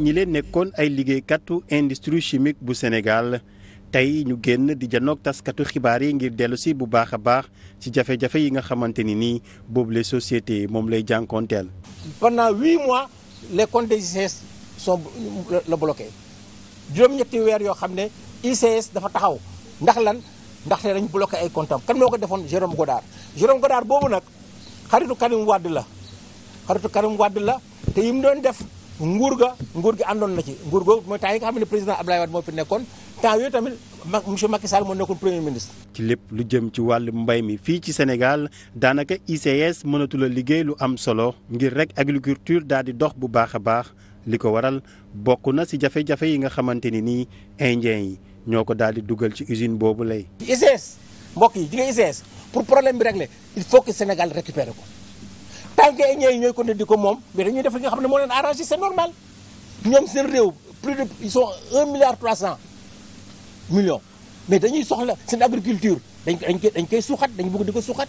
ñi leen nekkoon ay liggéeykatu industrie chimique bu Sénégal tey ñu génn di janoog taskatu xibaar yi ngir dellusi bu baax a baax ci jafe-jafe yi nga xamante ni nii boobu les sociétés moom lay jànkoonteel. pendant huit mois les comptes des ICS sont la bloqué juróom-ñetti weer yoo xam ne ICS dafa taxaw ndax lan ndaxte dañ bloqué ay comptes am kan moo ko defoon Jérôme Godard Jérôme Godard boobu nag xaritu Karim Wade la xaritu Karim Wade la te yim doon def. nguur ga nguur gi àndoon na ci nguur googu mooy temps yi nga xam président Abdoulaye Wade moo fi nekkoon temps yooyu tamit ma monsieur Macky Sall moo nekkoon premier ministre. ci lépp lu jëm ci wàllu mbay mi fii ci Sénégal daanaka ICS mënatul liggéey lu am solo ngir rek agriculture daal di dox bu baax a baax li ko waral bokk na si jafe-jafe yi nga xamante ni nii indien yi ñoo ko daal di dugal ci usine boobu lay. ICS mbokk yi jigéen ICS pour problème bi régler il faut que Sénégal récupéré ko. tant que ñooy ñooy ko ne di ko moom mais dañuy def li nga xam ne moo leen arrangé c'est normal ñoom seen réew plus de ils sont un milliard trois cent millions mais dañuy soxla seen agriculture dañ dañ koy dañ koy suuxat dañu bëgg di ko suuxat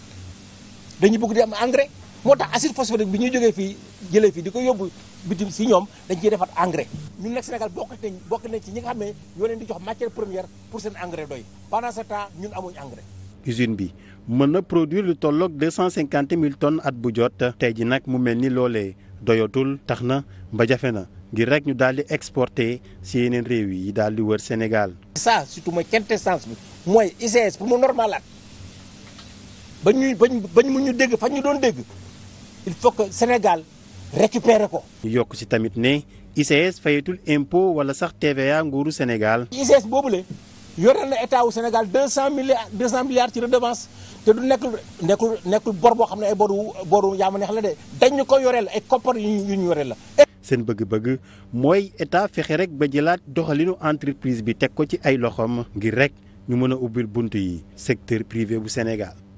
dañu bëgg di am engrais moo tax acide phosphorique bi ñuy jógee fii jëlee fii di ko yóbbu bitim si ñoom dañ ciy defat engrais ñun nag Sénégal bokk nañ bokk nañ ci ñi nga xam ne ñoo leen di jox matière première pour seen engrais doy pendant ce temps ñun amuñ engrais usine bi mën na produire lu tolloog deux cent cinquante mille tonnes at bu jot. tey ji nag mu mel ni loolee doyatul tax na ba jafe na ngir rek ñu daal di exporter si yeneen réew yi daal di wër Sénégal. ça surtout mooy quintessence bi mooy ICS pour mu normalaat ba ñuy ba mu ñu dégg fa ñu doon dégg il faut que Sénégal récupérer ko. yokk si tamit ne ICS fayatul impo wala sax TVA nguuru Sénégal. ICS boobule. yoreel na état wu Sénégal 200 milliards 200 milliards ci redevance te du nekkul nekkul nekkul bor boo xam ne ay boru boru yaa ma neex la de dañ ñu ko yoreel ay koppar yu ñu yu ñu yoreel la. seen bëgg-bëgg mooy état fexe rek ba jëlaat doxalinu entreprise bi teg ko ci ay loxoom ngir rek ñu mën a ubbil bunt yi secteur privé bu Sénégal.